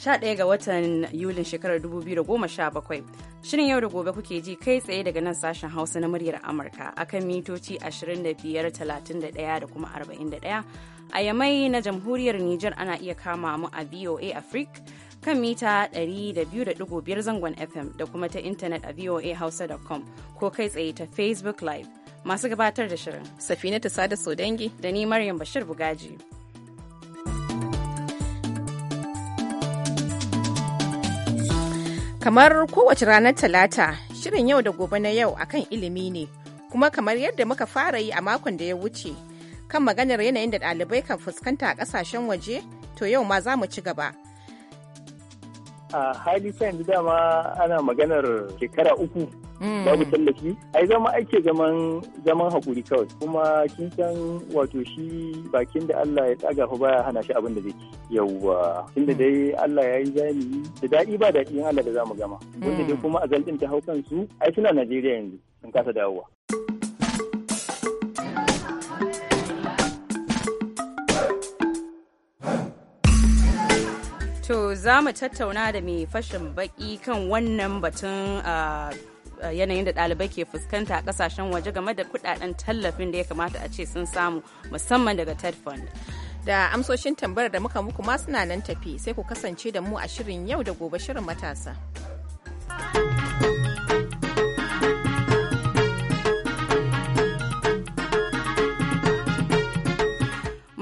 11 ga watan Yulin shekarar 2017. Shirin yau da gobe kuke ji kai tsaye daga nan sashen Hausa na muryar Amurka akan mitoci 25.31 da kuma 41. A yamai na jamhuriyar Nijar ana iya kama mu a VOA Africa kan mita 200.5 zangon FM da kuma ta intanet a voahausa.com ko kai tsaye ta Facebook Live. Masu gabatar da shirin. Safina ta sada Sodangi. Da ni Maryam Bashir Bugaji. Kamar kowace ranar Talata, shirin yau da gobe na yau akan ilimi ne, kuma kamar yadda muka fara yi a makon da ya wuce, kan maganar yanayin da ɗalibai kan fuskanta a ƙasashen waje, to yau ma za mu ci gaba. A hali yanzu dama ana maganar shekara uku Mm. babu tallafi ai zama ake zaman zaman hakuri kawai kuma kin san wato shi bakin da Allah ya tsaga fa baya hana shi abin da zai yauwa tunda mm. dai Allah ya yi zani da daɗi ba daɗi in Allah da zamu gama mm. wanda dai kuma azal din ta hau kansu ai suna Najeriya yanzu sun kasa dawowa To za mu tattauna da mai fashin baki kan wannan batun ah, Eh, yanayin da ɗalibai ke fuskanta a ƙasashen waje game da kuɗaɗen tallafin da ya kamata a ce sun samu musamman daga ted fund da amsoshin tambayar da muka muku ma suna nan tafi sai ku kasance da mu a shirin yau da gobe shirin matasa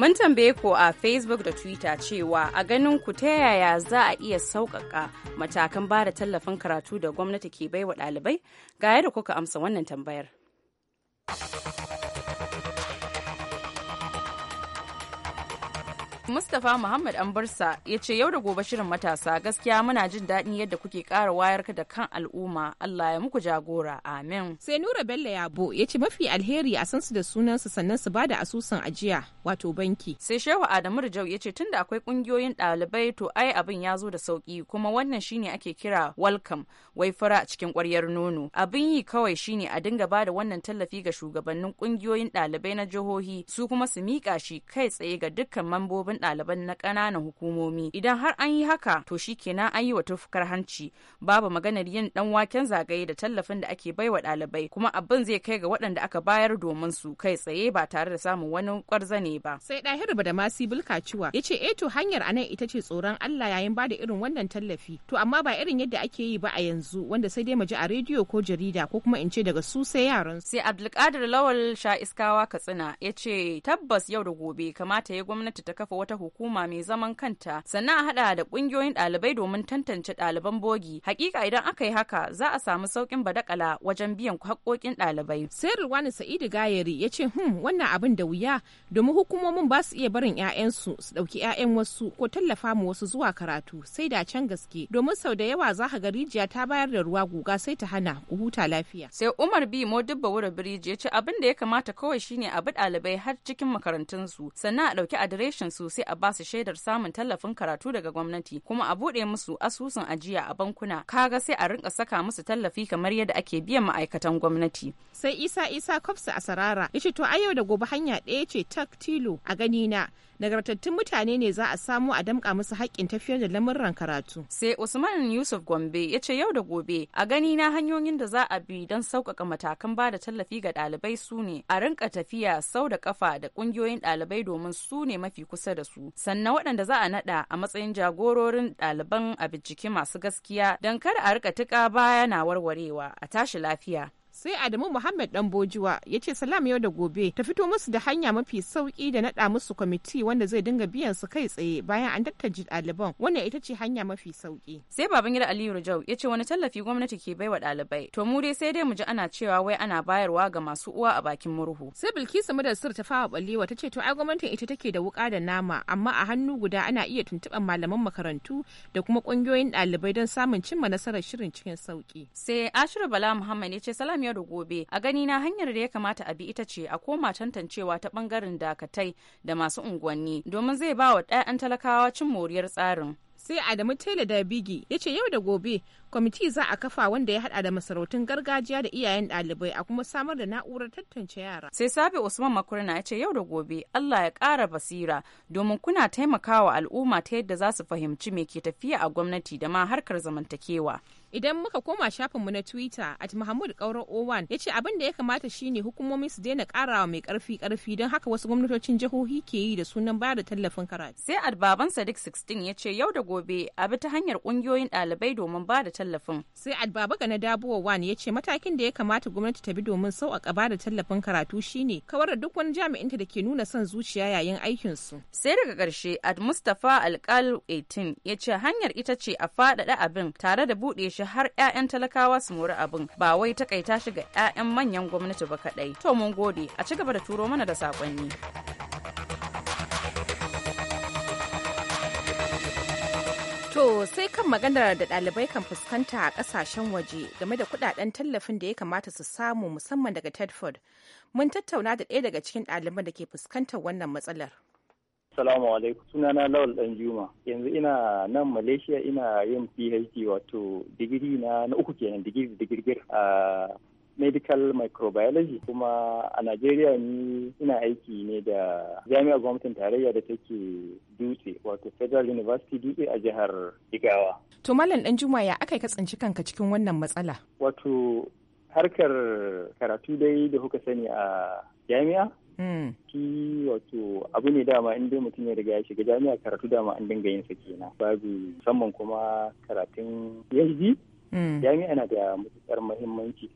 Mun tambaye ku a Facebook da Twitter cewa a ganin ku ta yaya za a iya sauƙaƙa matakan ba da tallafin karatu da gwamnati ke baiwa ɗalibai ga yadda kuka amsa wannan tambayar. Mustapha Muhammad Ambarsa ya ce yau da gobe shirin matasa gaskiya muna jin daɗin yadda kuke ƙara wayar ka da kan al'umma Allah ya muku jagora amin. Sai Nura Bello Yabo ya ce mafi alheri a san su da sunansu sannan su bada asusun ajiya wato banki. Sai Shehu Adamu Rijau ya ce tunda akwai kungiyoyin ɗalibai to ai abin ya zo da sauki kuma wannan shine ake kira welcome wai fara cikin ƙwaryar nono. Abin yi kawai shine a dinga bada wannan tallafi ga shugabannin ƙungiyoyin ɗalibai na jihohi su kuma su miƙa shi kai tsaye ga dukkan mambobin ɗaliban na ƙananan hukumomi idan har an yi haka to shi kenan an yi wa tufkar hanci babu maganar yin ɗan waken zagaye da tallafin da ake bai wa ɗalibai kuma abin zai kai ga waɗanda aka bayar domin su kai tsaye ba tare da samun wani kwarzane ba. Sai Dahiru masi Bulkaciwa ya ce eh to hanyar anan ita ce tsoron Allah yayin bada irin wannan tallafi. To amma ba irin yadda ake yi ba a yanzu wanda sai dai mu ji a rediyo ko jarida ko kuma in ce daga su sai yaran. Sai Abdulkadir Lawal Sha Iskawa Katsina ya ce tabbas yau da gobe kamata ya gwamnati ta kafa wata wata hukuma mai zaman kanta sannan a hada da kungiyoyin ɗalibai domin tantance ɗaliban bogi hakika idan aka yi haka za a samu saukin badakala wajen biyan hakkokin ɗalibai sai ruwani sa'idu gayari ya ce hmm wannan abin da wuya domin hukumomin ba su iya barin 'ya'yansu su ɗauki 'ya'yan wasu ko tallafa mu wasu zuwa karatu sai da can gaske domin sau da yawa za ka ga rijiya ta bayar da ruwa guga sai ta hana ku huta lafiya sai umar bi dubba wura biriji ya ce abin da ya kamata kawai shine a bi ɗalibai har cikin makarantunsu sannan a ɗauki adireshin su sai a ba su shaidar samun tallafin karatu daga gwamnati kuma a bude musu asusun ajiya a bankuna kaga sai a rinka saka musu tallafi kamar yadda ake biyan ma'aikatan gwamnati. Sai Isa Isa Kofsa a Sarara, ya ce to a yau da gobe hanya ɗaya ce tak tilo a gani na nagartattun mutane ne za a samu a damƙa musu haƙƙin tafiyar da lamurran karatu. Sai Usman Yusuf Gombe ya ce yau da gobe a gani na hanyoyin da za a bi don sauƙaƙa matakan ba da tallafi ga ɗalibai su ne a rinka tafiya sau da ƙafa da ƙungiyoyin ɗalibai domin su ne mafi kusa da su. Sannan waɗanda za a naɗa a matsayin jagororin ɗaliban a bincike masu gaskiya don kar a rika tuƙa baya na warwarewa a tashi lafiya. sai adamu muhammad dan bojuwa ya ce salam yau da gobe ta fito musu da hanya mafi sauki da naɗa musu kwamiti wanda zai dinga biyan su kai tsaye bayan an tattaji ɗaliban wannan ita ce hanya mafi sauki sai baban babangida aliyu rajau ya ce wani tallafi gwamnati ke baiwa ɗalibai to mu dai sai dai mu ji ana cewa wai ana bayarwa ga masu uwa a bakin murhu sai bilkisu sir ta fawa balewa ta ce to ai gwamnatin ita take da wuka da nama amma a hannu guda ana iya tuntuɓar malaman makarantu da kuma ƙungiyoyin ɗalibai don samun cimma nasarar shirin cikin sauki sai ashiru bala muhammad ya ce salam hanyar gobe a gani na hanyar da ya kamata a bi ita ce a koma tantancewa ta bangaren dakatai da masu unguwanni domin zai ba wa ɗayan talakawa cin moriyar tsarin sai adamu taylor da bigi ya ce yau da gobe kwamiti za a kafa wanda ya hada da masarautun gargajiya da iyayen dalibai a kuma samar da na'urar tantance yara sai sabi usman makurna ya ce yau da gobe allah ya kara basira domin kuna taimakawa al'umma ta yadda za su fahimci me ke tafiya a gwamnati da ma harkar zamantakewa idan muka koma shafinmu na twitter at mahmud o 1 ya ce abin da ya kamata shine hukumomi su daina karawa mai karfi karfi don haka wasu gwamnatocin jihohi ke yi da sunan ba da tallafin karatu sai at sadiq 16 ya ce yau da gobe a bi ta hanyar kungiyoyin ɗalibai domin ba da tallafin sai at baba na dabuwa wani ya ce matakin da ya kamata gwamnati ta bi domin sauƙaƙa ba da tallafin karatu shine kawar da duk wani jami'inta da ke nuna son zuciya yayin aikin su sai daga ƙarshe at mustapha alƙal 18 ya ce hanyar ita ce a faɗaɗa abin tare da buɗe shi har 'ya'yan talakawa su mori abin ba wai takaita shi ga 'ya'yan manyan gwamnati ba kadai to mun gode a ci gaba da turo mana da sakonni To sai kan maganar da ɗalibai kan fuskanta a ƙasashen waje game da kuɗaɗen tallafin da ya kamata su samu musamman daga Tedford. Mun tattauna da ɗaya daga cikin ɗaliban da ke fuskantar wannan matsalar. Assalamu alaikum sunana Lawal Dan Juma yanzu ina nan Malaysia ina yin PhD wato digiri na na uku kenan digiri digirgir a medical microbiology kuma a Najeriya ni ina aiki ne da jami'ar gwamnatin tarayya da take Dutse wato Federal University Dutse a jihar Jigawa. To Malam Dan Juma ya aka katsanci kanka cikin wannan matsala? Wato harkar karatu dai da kuka sani a jami'a Ki wato abu ne dama in dai mutum ya riga ya shiga jami'a karatu dama an dinga yin sa kenan. Babu musamman kuma karatun PhD. Mm. Jami'a na da matuƙar muhimmanci.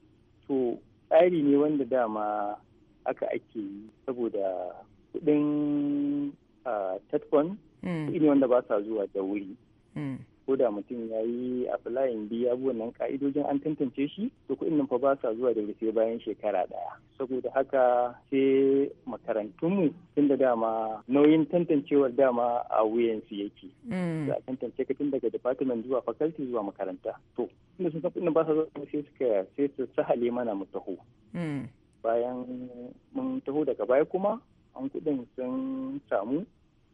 To tsari ne wanda dama aka ake yi saboda kuɗin ah, tatfon mm. kuɗi ne wanda ba sa zuwa da wuri. Mm. ko da mutum ya yi applying biya abubuwan nan ka'idojin an tantance shi to kuɗin nan fa ba sa zuwa da rufe bayan shekara ɗaya saboda haka sai makarantunmu tun da dama nauyin tantancewar dama a wuyansu yake mm. za a tantance ka tun daga department zuwa fakalti zuwa makaranta to inda sun san kuɗin ba sa zuwa sai suka sai su sahale mana mu taho mm. bayan mun taho daga baya kuma an kuɗin sun samu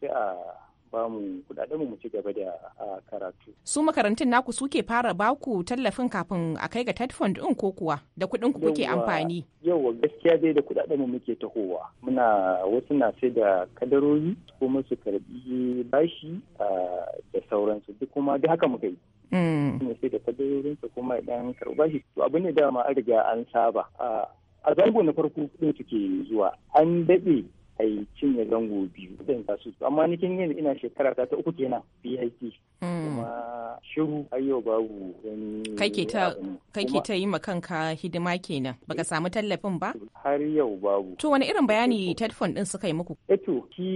sai a ba mu kudaden mu ci gaba da karatu. Su makarantun naku suke fara baku tallafin kafin a kai ga TED Fund din ko kuwa da kuɗin ku kuke amfani? Yawwa gaskiya dai da kudaden mu muke tahowa. Muna wasu na sai da kadarori kuma su karbi bashi da sauransu duk kuma da haka muka yi. Suna mm. sai da kadarorin su kuma idan karbi bashi to abu ne dama an riga an saba. A zango na farko kuɗin suke zuwa an daɗe Ai cinye zango biyu zan tasu amma ni kin ina shekara ta uku kenan PIT hmm. kuma shiru har yau babu wani kake ta ta yi ma kanka hidima kenan baka eh. samu tallafin ba har yau babu to wani irin bayani telephone din suka yi muku eh to ki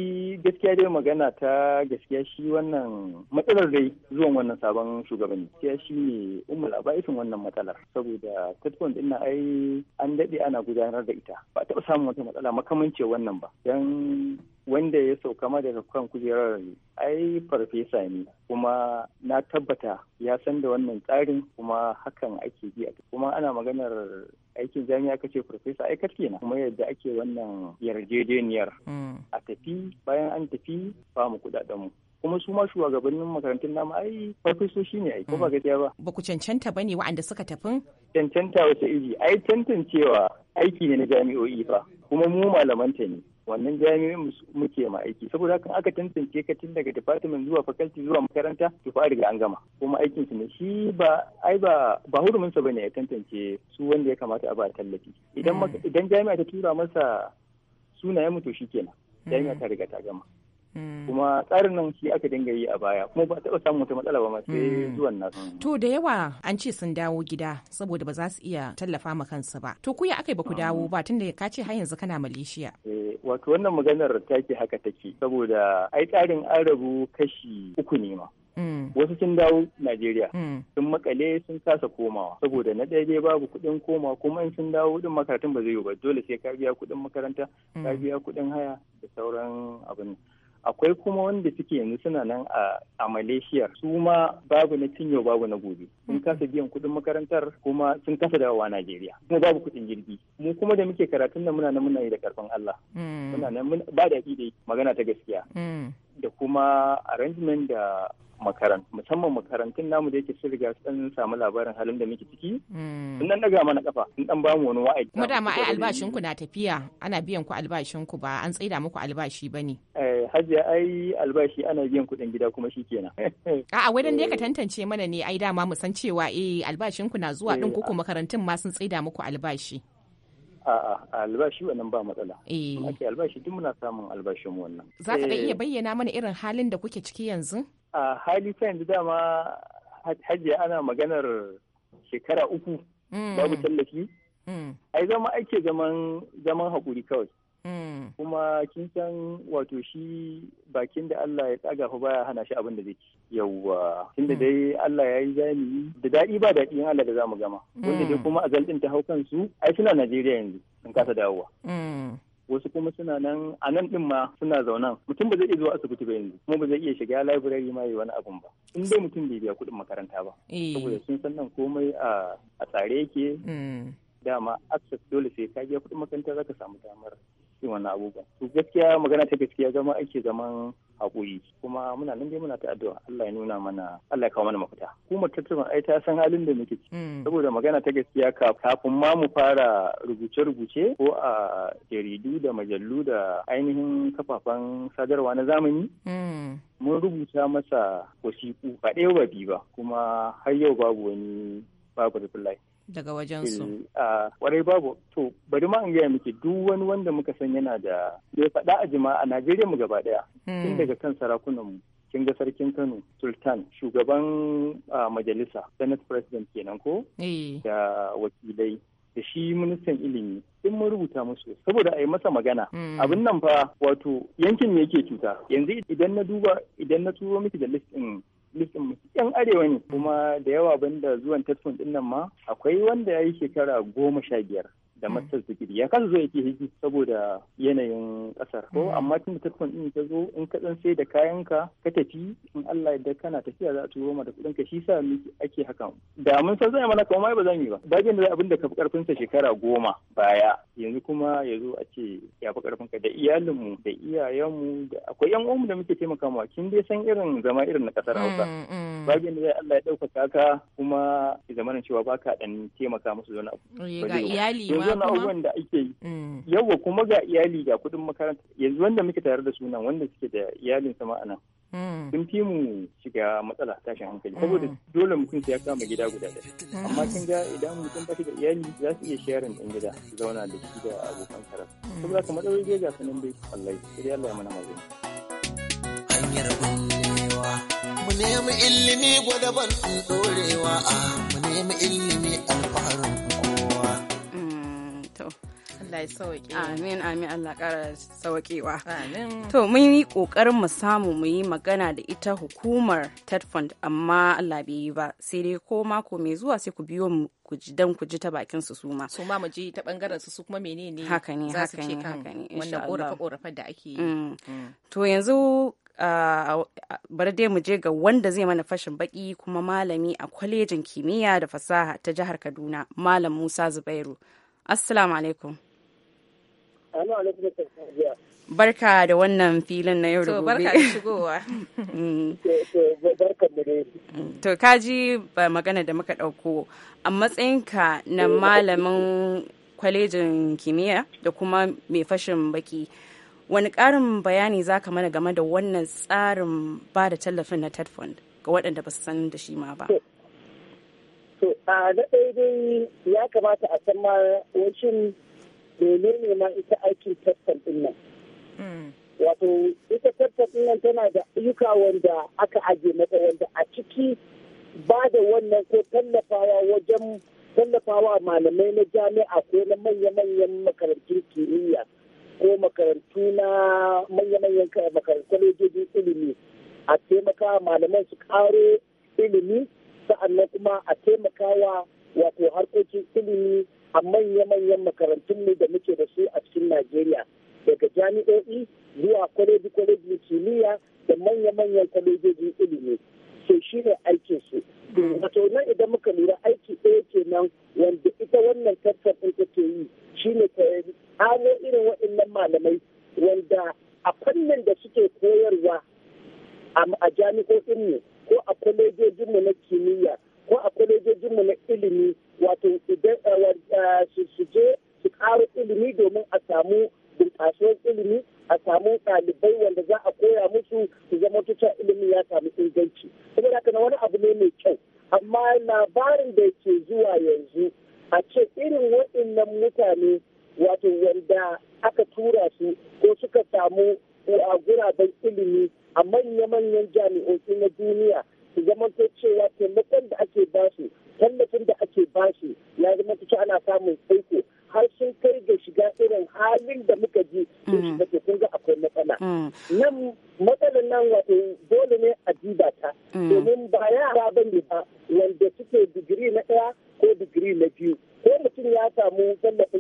gaskiya dai magana ta gaskiya shi wannan matsalar dai zuwan wannan sabon shugabanni gaskiya shi ne ummul abaisin wannan matsalar saboda telephone din na ai an dade ana gudanar da ita ba taɓa samun wata matsala makamance wannan ba don wanda ya sauka ma daga kan kujerar ai farfesa ne kuma na tabbata ya san da wannan tsarin kuma hakan ake bi kuma ana maganar aikin jami'a kace farfesa ai kaske na kuma yadda ake wannan yarjejeniyar mm. a tafi bayan an tafi ba mu kudaden mu kuma su ma shugabannin makarantun nama. ai farfesoshi ne ai ko ba mm. gaskiya ba ba ku cancanta ba ne wa'anda suka tafin cancanta wata iri ai tantancewa aiki ne na jami'o'i ba. kuma mu malamanta ne wannan jami'in muke ma aiki saboda haka aka tantance ka tun daga department zuwa faculty zuwa makaranta to fa riga an gama kuma aikin su ne shi ba ai ba ba hurumin sa bane ya tantance su wanda ya kamata a ba tallafi idan mm. idan jami'a ta tura masa sunayen mu to shikenan mm. jami'a ta riga ta gama Mm. kuma tsarin nan shi aka dinga yi a baya kuma ba taɓa samun wata matsala ba ma sai mm. zuwan nasu. To da yawa an ce sun dawo gida saboda ba za su iya tallafa ma kansu ba. To ku ya aka ba ku dawo ba tunda ka ce har yanzu kana Malaysia. Eh, wato wannan maganar take haka take saboda ai tsarin an rabu kashi uku ne ma. Mm. wasu sun dawo Najeriya sun makale sun kasa komawa saboda na ɗaya babu kuɗin koma kuma in sun dawo ɗin makarantun ba zai yi ba dole sai ka biya kuɗin makaranta ka biya kuɗin haya da sauran abin akwai kuma wanda suke yanzu suna nan a malaysia su ma babu na cinyo babu na gobe sun mm-hmm. kasa biyan kudin makarantar kuma sun kasa dawowa najeriya kuma babu kudin jirgi mu kuma da muke karatun nan muna nan muna yi da karfin allah mm. muna nan ba da dai magana ta gaskiya mm. da kuma arrangement da makaran musamman makarantun namu da yake shirya sun samu labarin halin da muke ciki mm. sun nan daga mana kafa sun dan bamu wani wa'adi kuma dama ai albashin ku na tafiya ana biyan ku albashin ku ba an tsaida muku albashi bane eh hajiya ai albashi ana biyan kuɗin gida kuma shi kenan. A'a wai dan ka tantance mana ne ai dama mu san cewa eh albashin ku na zuwa din eh, kuku makarantun ma sun tsaida muku albashi. A'a albashi wannan ba matsala. Eh. Ake albashi duk muna samun albashin wannan. Za ka eh. iya bayyana mana irin halin da kuke ciki yanzu? A hali ta yanzu dama hajiya ana maganar shekara uku mm. babu tallafi. Mm. Ai zama ake zaman zaman haƙuri kawai. Hmm. kuma kin san wato shi bakin da Allah ya tsaga fa baya hana shi abin da zai ci yawwa hmm. dai Allah ya yi zani da daɗi ba daɗi in Allah da za mu gama hmm. wanda dai kuma azal din ta hau kansu ai suna Najeriya yanzu In kasa dawowa wasu kuma suna nan a nan din ma suna zaunan mutum ba zai iya zuwa asibiti ba yanzu kuma ba zai iya shiga library ma yi wani abun ba in dai mutum bai biya kuɗin makaranta ba eh. saboda sun san nan komai a tsare yake dama access dole sai ka biya kuɗin makaranta zaka samu damar irin wannan abubuwan to gaskiya magana ta gaskiya zama ake zaman haƙuri kuma muna nan dai muna ta addu'a Allah ya nuna mana Allah ya kawo mana mafita mu tattauna ai ta san halin da muke hmm. saboda magana ta gaskiya kafin ma mu fara rubuce-rubuce ko a jaridu da majallu da ainihin kafafen sadarwa na zamani hmm. mun rubuta masa wasiƙu ba ɗaya ba biyu ba kuma har yau babu wani babu reply daga wajensu. Eh, kwarai babu, to bari ma an gaya miki duk wani wanda muka san yana da ya faɗa a jima a Najeriya mu gaba ɗaya. Tun hmm. daga kan sarakunan mu. Kin ga sarkin Kano, Sultan, shugaban majalisa, Senate President kenan ko? Eh. Da wakilai, da shi ministan ilimi in mun rubuta musu saboda a yi masa magana hmm. abin nan fa wato yankin ne yake cuta yanzu idan na duba idan na turo miki da list listin mu yan arewa ne kuma da yawa banda zuwan tesfun din nan ma akwai wanda ya yi shekara goma sha biyar da hmm. masters degree ya kasa zo yake hiji saboda yanayin kasar ko hmm. amma tun da din ta zo in ka dan sai da kayan ka ka tafi in Allah yadda kana tafiya za a turo ma da kudin ka shi sa ake hakan da mun san zai mana kuma ba zan yi ba bagin da abin da ka fi karfin sa shekara goma baya yanzu kuma ya zo a ce ya fi karfin ka da iyalinmu da iyayenmu da akwai yan uwanmu da muke taimaka ma kin dai san irin zama irin na kasar Hausa hmm, bagin da zai Allah ya ɗaukaka ka kuma ya zamanin cewa baka dan taimaka musu na abu ga iyali ma wannan abubuwan da ake yi mm. kuma ga iyali ga kuɗin makaranta yanzu wanda muke tare da sunan wanda suke da iyalin sama anan mm. sun fi mu shiga matsala tashin hankali saboda mm. dole mutum ya kama gida guda da amma kin ga idan mutum ba da iyali za su iya sharing ɗan gida su zauna da shi da abokan karatu. saboda kamar ɗaure ga sanin bai ya yi Allah ya mana magana hanyar bullewa mu nemi ilimi gwada ban ɗorewa a ah, mu nemi ilimi alfaharin Allah ya sauke. Amin amin Allah kara sauƙewa. To mun yi ƙoƙarin mu samu mu yi magana da ita hukumar Ted Fund amma Allah bai yi ba. Sai dai ko mako mai zuwa sai ku biyo mu ku ji dan ku ji ta bakin su su ma. Su ma mu ji ta bangaren su su kuma menene? Haka ne haka ne haka ne. Wannan ƙorafa ƙorafa da ake yi. Mm. Mm. To yanzu bari dai mu je ga wanda zai mana fashin baki kuma malami a kwalejin kimiyya da fasaha ta jihar kaduna malam musa zubairu assalamu alaikum Barka da wannan filin na yau da gobe. Barka da shigowa. Mm. Mm. To kaji mm. ba magana da muka ɗauko a matsayinka na malamin kwalejin kimiyya da kuma mai fashin baki. Wani ƙarin bayani za ka mana game da wannan tsarin ba da tallafin na TED ga waɗanda ba su san da shi ma ba. To, a na ɗaya ya kamata a san ma wancin menene ma ita aikin tattal din nan. Mm. Wato ita tattal din nan tana da ayyuka wanda aka aje mata wanda a ciki ba da wannan ko tallafawa wajen tallafawa malamai na jami'a ko na manya-manyan makarantun kimiyya ko makarantu na manya-manyan makarantun ilimi a taimaka malaman su karo ilimi sa'annan kuma a taimakawa wato harkokin ilimi a manya-manyan makarantun makarantunmu da muke da su a cikin Najeriya daga jami'o'i zuwa kwaleji-kwalejin kimiyya da manya-manyan kwalejojin ilimi so shi ne aikin su wato nan idan muka lura aiki ɗaya kenan wanda ita wannan tattafin take yi shine ta ano irin waɗannan malamai wanda a fannin da suke koyarwa a jami'o'in mu ko a kwalejojinmu na kimiyya ko a kwalejojinmu na ilimi wato eh, su je su ƙara ilimi domin a samu bunƙasuwar ilimi a samu ɗalibai wanda za a koya musu su zama tuta ilimi ya samu inganci da na wani abu ne mai kyau amma labarin da ke zuwa yanzu a ce irin waɗannan mutane wato wanda aka tura su ko suka samu a guraben ilimi a manya-manyan jami'o'i na duniya su zama cewa taimakon da ake basu tallafin da ake basu ya zama ta ana samun saiko har sun kai ga shiga irin halin da muka ji sun mm. shiga ke kun ga akwai matsala mm. nan matsalar nan wato dole ne a diba ta mm. domin ba yara ba ne ba wanda suke digiri na ɗaya ko digiri na biyu ko mutum ya samu sallar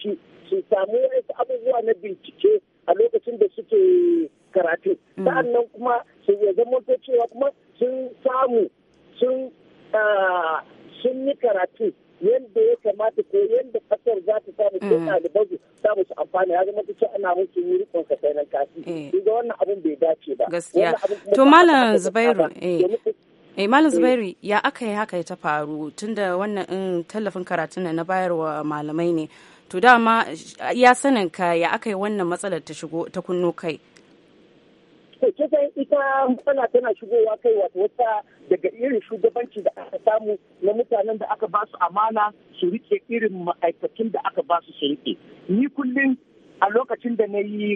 binciki su samu wasu abubuwa na bincike a lokacin da suke karatu mm. sa'annan kuma su ya zama cewa kuma sun samu sun sun yi karatu yadda ya kamata ko yadda kasar za ta samu ko mm. ɗaliban su samu su amfana ya zama cewa ana musu yi rikon ka sai nan kasi eh. ga wannan abin bai dace ba gaskiya to malam zubairu eh. eh malam eh. zubairu ya aka yi haka ya ta faru tunda wannan mm, tallafin karatun na bayarwa malamai ne to dama ya sanin ka ya aka yi wannan matsalar ta shigo ta kunno kai ita matsala tana shigowa kai wato wata daga irin shugabanci da aka samu na mutanen da aka ba su amana su rike irin ma'aikatun da aka ba su su rike ni kullum a lokacin da na yi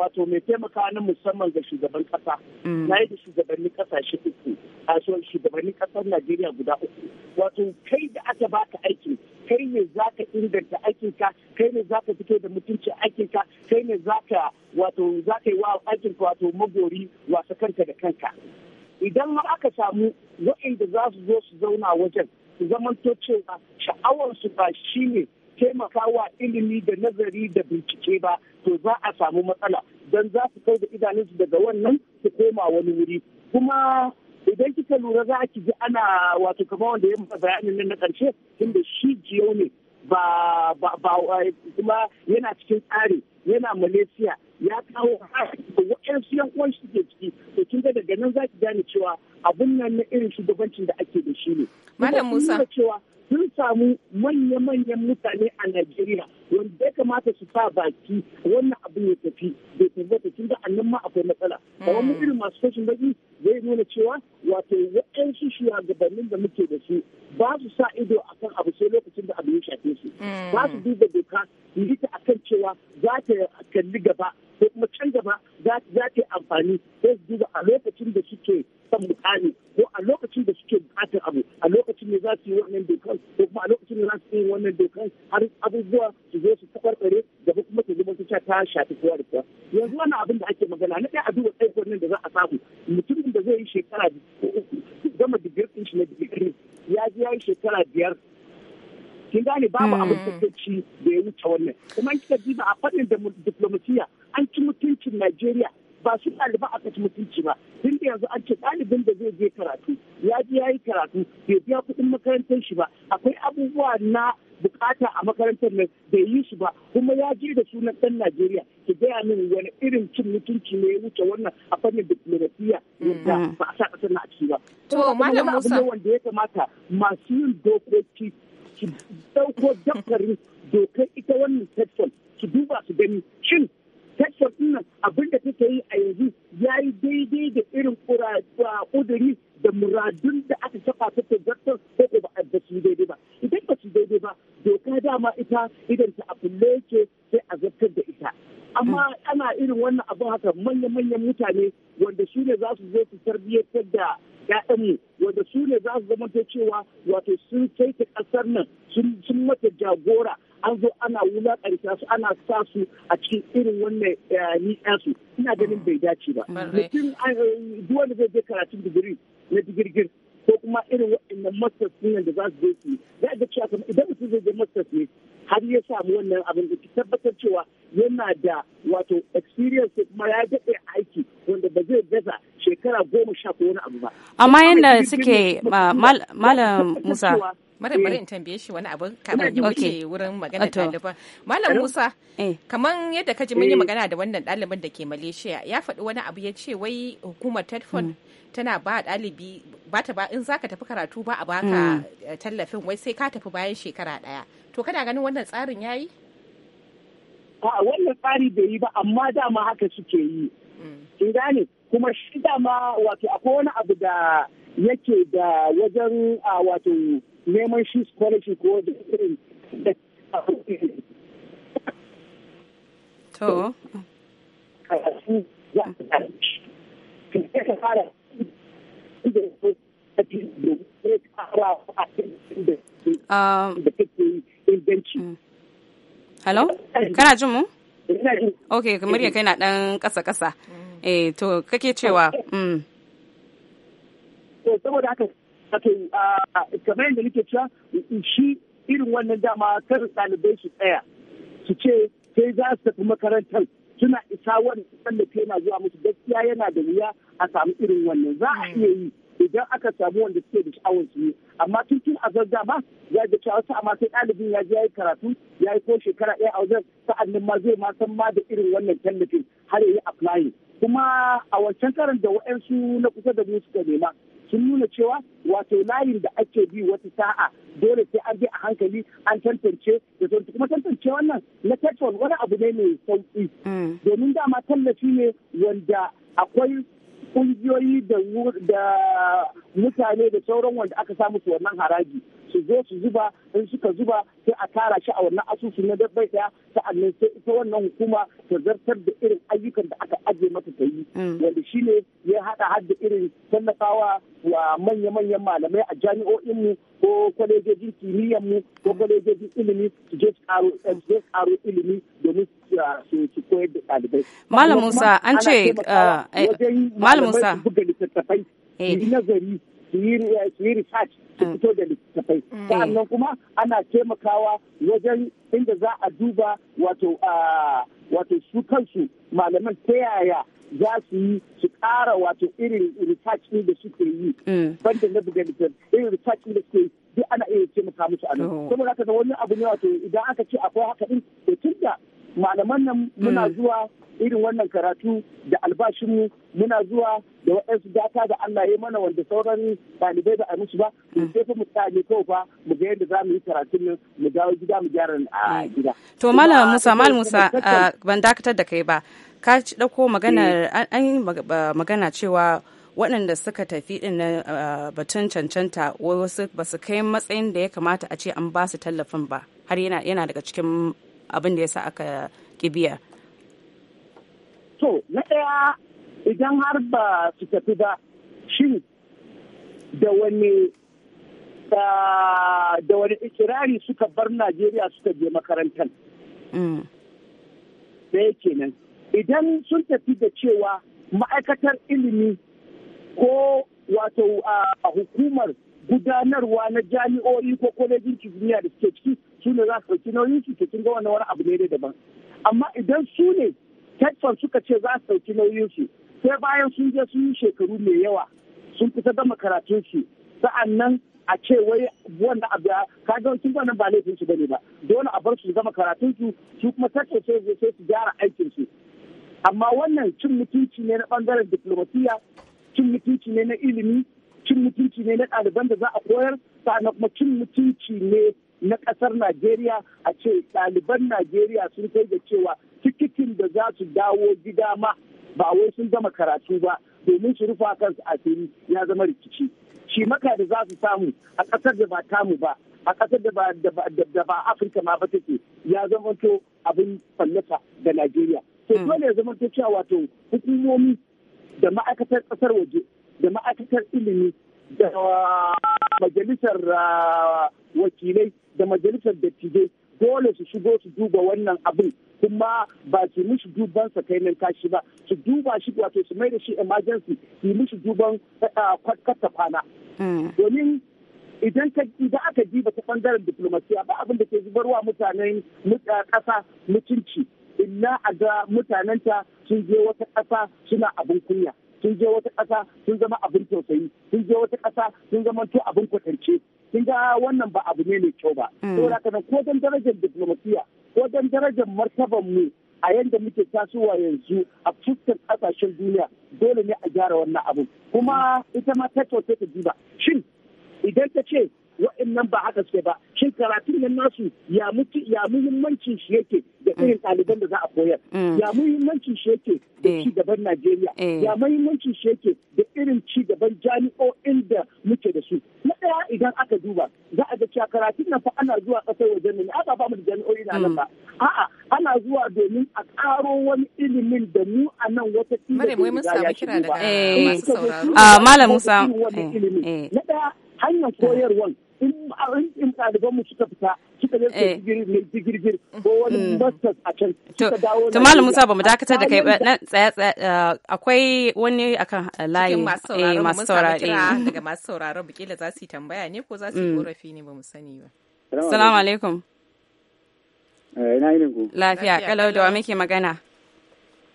wato mai taimaka na musamman ga shugaban kasa mm. na yi da shugabannin kasashe uku a shugabannin kasar najeriya guda uku wato kai da aka baka aikin kai ne za ka inganta aikinka kai ne za ka fito da mutuncin aikinka kai ne za ka wato za ka yi wa aikinka wato magori wasa kanka da kanka idan har aka samu da za su zo su zauna wajen su zamanto cewa sha'awarsu ba shi ne taimakawa ilimi da nazari da bincike ba to za a samu matsala don za su kai da idanunsu daga wannan su koma wani wuri kuma idan kika lura za ki ji ana wato kama wanda ya bayanin nan na ƙarshe da shi jiyo ne ba ba kuma yana cikin tsari yana malaysia ya kawo su yan uwan shi ke ciki to kin ga daga nan za ki gane cewa abun nan na irin shugabancin da ake da shi ne. Malam Musa. sun samu manya-manyan mutane a Najeriya wanda ya kamata su sa baki wannan abin ya tafi bai tabbata tun da annan ma akwai matsala. Hmm. a wani irin masu kashin baki zai nuna cewa wato waɗansu shugabannin da muke da su ba su sa ido akan abu sai lokacin da abu ya shafe su. Hmm. Ba su duba doka su yi ta akan cewa za ta kalli gaba ko kuma can gaba za ta yi amfani sai su duba a lokacin da suke son mutane ko a lokacin da su. bukatar abu a lokacin ne za su yi wannan dokan ko kuma a lokacin ne za su yi wannan dokan har abubuwa su zo su tabarbare gaba kuma su zama su ta shafi kowa da kowa yanzu wannan abin da ake magana na ɗaya a duba tsaikon nan da za a samu mutumin da zai yi shekara gama ɗin shi na digiri ya ji ya yi shekara biyar kin gane babu hmm. abin tabbaci da ya wuce wannan kuma in kika diba a faɗin da diplomasiya an ci mutuncin Najeriya ba su ɗaliba a kaci mutunci ba tun da yanzu an ce ɗalibin da zai je karatu ya ji ya yi karatu bai biya kuɗin makarantar shi ba akwai abubuwa na bukata a makarantar nan bai yi su ba kuma ya je da sunan ɗan Najeriya ki gaya min wani irin cin mutunci ne ya wuce wannan a fannin diplomasiya yadda mm-hmm. ba a sa ƙasar na a ciki ba. To Malam Musa. wanda ya kamata masu yin dokoki ki ɗauko dakarin dokar ita wannan platform ki duba su gani shin Texas nan abin da take yi a yanzu ya yi daidai da irin ƙuduri da muradun da aka saka ta zartar ko ba a da daidai ba. Idan ba shi daidai ba, doka dama ita idan ta abulle ce sai a zartar da ita. Amma ana irin wannan abu haka manya-manyan mutane wanda su ne za su zo su tarbiyyar da ‘ya'yanmu wanda su ne za su zama cewa wato sun kai ta ƙasar nan sun mata jagora an zo ana wulaƙanta su ana sa su a cikin irin wannan eh, ni'ya su ina ganin bai dace ba mutum eh, duk wanda zai je karatun digiri na digirgir ko kuma irin waɗannan masters ɗin da za su je su za ga cewa kuma idan mutum zai je masters ne har ya samu wannan abin da ki tabbatar cewa yana da wato experience kuma ya daɗe aiki wanda ba zai gaza shekara goma sha ko wani abu ba amma yadda suke malam musa bari bari eh. in tambaye shi wani abu kamar wuce wurin magana ɗaliban malam musa eh. kamar yadda kaji mun yi eh. magana da wannan ɗaliban da ke malaysia ya faɗi wani abu ya ce wai hukumar tedford hmm. tana ba ɗalibi ba ta ba in zaka tafi karatu ba a baka hmm. tallafin wai sai ka tafi bayan shekara ɗaya to kana ganin wannan tsarin yayi a wannan tsari bai yi ba amma dama haka suke yi hmm. kin gane kuma shi dama wato akwai wani abu da yake da wajen wato neman shi scholarship ko da irin to a ah. mm. hello kana jin mu ok kamar murya kai na ɗan ƙasa-ƙasa. Mm. eh to kake cewa mm to saboda haka Wato, kamar yadda nake cewa shi irin wannan dama kar ɗalibai su tsaya su ce sai za su tafi makarantar suna isa wani tallafi na zuwa musu gaskiya yana da wuya a samu irin wannan za a iya yi idan aka samu wanda suke da sha'awar su ne amma tun tun a zarga ma ya ga cewa wasu amma sai ɗalibin ya je ya yi karatu ya yi ko shekara ɗaya a wajen sa'annan ma zai ma san ma da irin wannan tallafin har ya yi applying kuma a wancan karan da waɗansu na kusa da mu suka nema sun nuna cewa wato layin da ake bi wata sa'a dole sai an bi a hankali an tantance da sauransu kuma tantance wannan na petrol wani abu ne mai sauki mm. domin dama tallafi ne wanda akwai kungiyoyi da mutane da sauran wanda aka samu su wannan haraji su zo su zuba in suka zuba sai a tara shi a wannan asusu na dabbai daya sa'annan sai ita wannan hukuma ta zartar da irin ayyukan da aka ajiye mata ta yi mm. wanda shine ya hada hadda irin tallafawa wa manya-manyan malamai a jami'o'inmu ko kwalejojin mu ko kwalejojin ilimi su je su karo ilimi domin su koyar da ɗalibai. Malam Musa an ce uh, eh, Malam Musa. Buga littattafai, eh. nazari su yi research su mm. fito da littattafai mm. sa'annan kuma ana taimakawa wajen inda za a duba wato su kansu malaman ta yaya za su yi su ƙara wato irin research ɗin da suke yi mm. banda na buga irin research ɗin da suke yi duk ana iya taimaka musu a nan oh. saboda haka wani abu ne wato idan aka ce akwai haka ɗin to tun da malaman nan muna mm. zuwa irin wannan karatu da albashinmu muna zuwa da waɗansu data da Allah ya mana wanda sauran ɗalibai ba a musu ba mu sai fa mu tsaye kawai fa mu ga yadda za mu yi karatun nan mu dawo gida mu gyara a mm. gida. To Malam Musa Malam Musa ban dakatar da kai ba ka ɗauko maganar mm. an yi magana cewa waɗanda suka tafi ɗin na batun cancanta wasu ba su kai matsayin da ya kamata a ce an ba su tallafin ba har yana daga cikin abin da ya sa aka kibiya? To, na ɗaya idan har ba su tafi ba, shin da wani da wani ikirari suka bar Najeriya suka je makarantar. Da mm. yake nan, idan sun tafi da cewa ma'aikatar ilimi ko wato a hukumar gudanarwa na jami'o'i ko kwalejin kimiyya da suke ciki su ne za su ɗauki nauyin su kin ga wani abu ne daban amma idan su ne tekfan suka ce za su ɗauki nauyin su sai bayan sun je sun yi shekaru mai yawa sun kusa gama karatun su sa'annan a ce wai wanda abu ka ga kin wannan ba laifin su bane ba dole a bar su gama karatun su su kuma tekfan sai sai su gyara aikin su amma wannan cin mutunci ne na bangaren diplomasiya cin mutunci ne na ilimi cin mutunci ne na ɗaliban da za a koyar sannan kuma cin mutunci ne na ƙasar Najeriya a ce ɗaliban Najeriya sun kai da cewa tikitin da za su dawo gida ma ba wai sun gama karatu ba domin su rufa kansu a fili ya zama rikici. Shi maka da za su samu a ƙasar da ba tamu ba a ƙasar da ba Afirka ma ba take ya zama to abin fallasa da Najeriya. To hmm. dole ya zama to cewa wato hukumomi da ma'aikatar ƙasar waje da ma'aikatar ilimi da ah, majalisar ah, wakilai da majalisar dattijai dole su shigo su duba wannan abin kuma ba su mishi duban sa kai kashi ba su duba shi wato su mai da shi emergency su mishi duban ah, kwatkata kwana hmm. domin idan aka diba ta bangaren diplomasiya ba abin da ke zubarwa mutanen ƙasa mutunci illa a ga mutanenta sun je wata ƙasa suna abin kunya sun je wata ƙasa sun zama abin tausayi sun je wata ƙasa sun zama to abin kwatance sun ga wannan ba abu ne mai kyau ba mm. saboda haka ko dan darajar diplomasiya ko dan darajar martaban mu a yanda muke tasowa yanzu a fuskar kasashen duniya dole ne a gyara wannan abu kuma ita ma ta kyautata ta jiba shin idan ta ce wa'annan ba haka suke ba shin karatun nan nasu ya mutu ya muhimmancin shi yake da mm. irin ɗaliban da za a koyar mm. ya muhimmancin shi yake da eh. ci gaban Najeriya eh. ya muhimmancin shi yake da irin ci gaban jami'o'in da muke da su na ɗaya idan aka duba za a ga cewa karatun nan fa ana zuwa ƙasar wajen ne a ba mu da jami'o'i na nan ba mm. a'a ana zuwa domin a ƙaro wani ilimin da mu a nan wata kila eh, da ya ba. Ah, Malam Musa. Na ɗaya hanyar koyarwar in ɗaliban mu suka fita suka je eh. girgir ko wani mm. masters a can suka dawo to malam Musa bamu dakatar da kai ba na tsaya tsaya eh, akwai wani akan eh, layi eh masu saurare daga masu sauraron bikila za su yi tambaya ne ko za su yi korafi mm. ne bamu sani ba assalamu alaikum ina yinin ku lafiya kalau da wa muke magana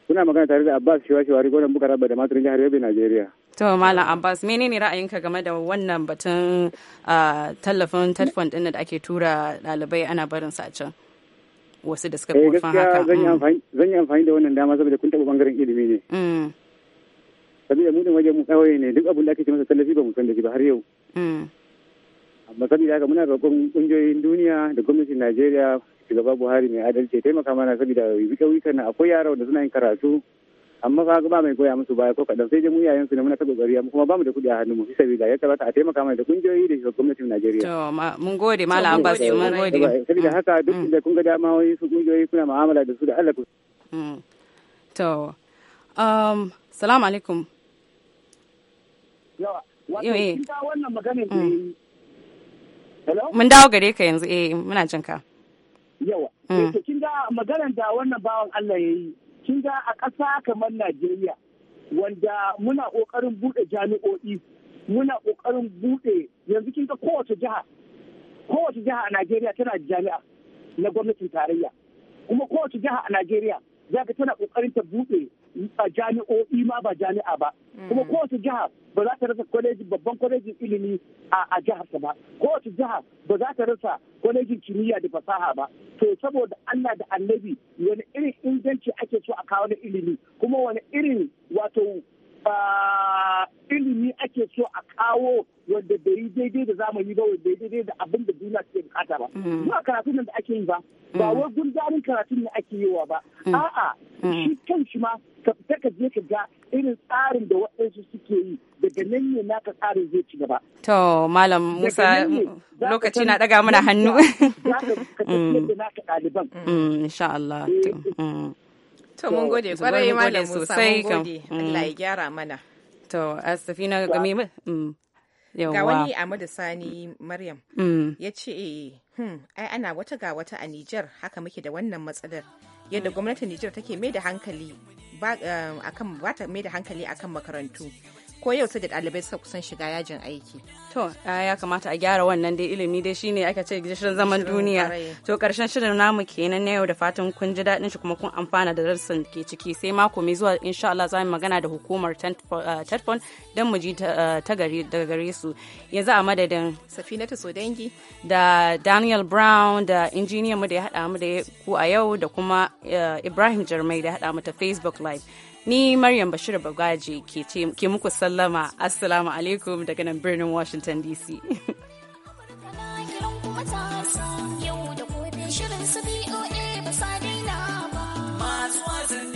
kuna magana tare da Abbas Shiwa Shiwa rigonan Bukar Abba da Maturin Jihar Yobe Najeriya To Malam Abbas, menene ra'ayinka game da wannan batun tallafin TEDFund ɗin da ake tura ɗalibai ana barin sa can? Wasu da suka kofin eh, haka. Mm. Zan yi amfani da wannan dama saboda kun taɓa ɓangaren ilimi ne. Mm. Sabida mu din wajen mu kawai ne duk abin da ake ce masa tallafi ba mu san da shi ba har yau. Mm. Amma saboda haka muna roƙon ƙungiyoyin duniya da gwamnatin Najeriya shugaba Buhari mai adalci taimaka mana saboda wika-wika na akwai yara da suna yin karatu. amma ka ga ba mai koya musu baya ko kaɗan sai dai mu yayan su ne muna ta kokari amma kuma ba mu da kuɗi a hannun mu sai da ya kamata a taimaka mana da kungiyoyi da gwamnatin Najeriya to mun gode malam Abbas mun gode saboda haka mm. duk da kun ga dama wai su kungiyoyi kuna mu'amala da su da Allah ku mm. to um salamu alaikum yawa eh. wannan maganin mm. Mun dawo gare ka yanzu eh muna jinka Yawa. Eh, to kin ga maganar da wannan bawan Allah yayi kin ga a ƙasa kamar Najeriya wanda muna ƙoƙarin buɗe jami'o'i muna ƙoƙarin buɗe yanzu kin ga kowace jiha kowace jiha a Najeriya tana jami'a na gwamnatin tarayya kuma kowace jiha a Najeriya za ka tana ƙoƙarin ta buɗe jami'o'i ma ba jami'a ba kuma mm. kowace jiha ba za ta rasa kwalejin babban kwalejin ilimi a jihar ba kowace jiha ba za ta rasa kwalejin kimiyya da fasaha ba to saboda Allah da Annabi wani irin inganci ake so a kawo na ilimi kuma wani irin wato ba ilimi ake so a kawo wanda bai yi daidai da zamani ba wanda ya daidai da abin da duniya ke bukata ba mm. ba karatun nan da ake yi ba mm. ba wai gundarin karatun ne ake yi wa ba mm. a'a shi kan shi ma ka fita ka je ka ga irin tsarin da waɗansu suke yi daga nan ne naka tsarin zai ci gaba to malam musa lokaci na daga mana hannu za ka da naka ɗaliban insha Allah eh, eh. To mun gode kwarai malam Musa mun gode Allah ya mm. gyara mana. To Astafina ga mu. Mm. Ga wani Amadu Sani Maryam mm. ya ce eh, hmm, ai ana wata ga wata a Nijar haka muke da wannan matsalar yadda gwamnatin Nijar take mai da hankali eh, akan ba mai da hankali akan makarantu ko yau sai da ɗalibai suka kusan shiga yajin aiki. To ya kamata a gyara wannan dai ilimi dai shine aka ce gishirin zaman duniya. To karshen shirin namu kenan na yau da fatan kun ji daɗin shi kuma kun amfana da darsin ke ciki sai mako mai zuwa insha Allah za mu magana da hukumar Tetfon don mu ji ta gari daga gare su. Yanzu a madadin Safinatu Sodangi da Daniel Brown da injiniyan mu da ya haɗa mu da ku a yau da kuma Ibrahim Jarmai da ya haɗa mu ta Facebook Live. Ni Maryam Bashir Bagaji ke muku sallama Assalamu alaikum daga nan birnin Washington DC. Masu